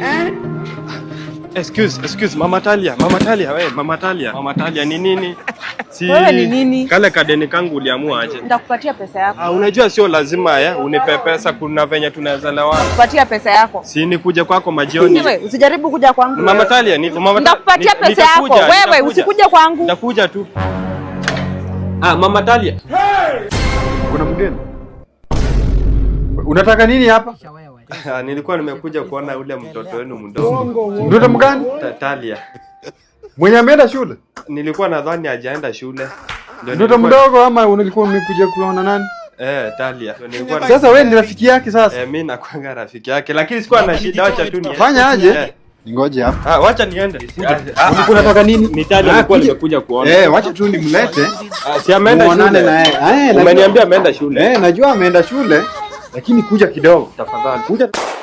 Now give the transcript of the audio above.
Eh? Excuse, excuse, Mama Talia, Mama Talia, we, Mama Talia, Mama Talia ni nini? Si wewe ni nini? Kale kadeni kangu uliamua aje? Nitakupatia pesa yako. Ah, unajua sio lazima ya, unipe pesa kuna venye tunaweza lewana. Nitakupatia pesa yako. Si ni kuja kwako majioni. Wewe usijaribu kuja kwangu. Mama Talia, ni Mama Talia. Nitakupatia pesa yako. Wewe usikuje kwangu. Nitakuja tu. Ah, Mama Talia. Hey! Kuna mgeni. Unataka nini hapa? Nilikuwa nimekuja kuona ule mtoto wenu mdogo. Mtoto mgani? Talia. Mwenye ameenda shule? Nilikuwa nadhani hajaenda shule. Mtoto mdogo ama unalikuwa umekuja kuona nani? Eh, Talia. Sasa wewe ni rafiki yake sasa? Eh, mimi nakuanga rafiki yake lakini sikuwa na shida, acha tu ni. Fanya aje? Ningoje hapa. Ah, wacha niende. Ah, ah, unataka nini? Ni Talia alikuwa ah, nimekuja kuona. Eh, wacha tu nimlete. Si ameenda shule. Eh, Umeniambia ameenda shule. Eh, najua ameenda shule lakini kuja kidogo tafadhali, kuja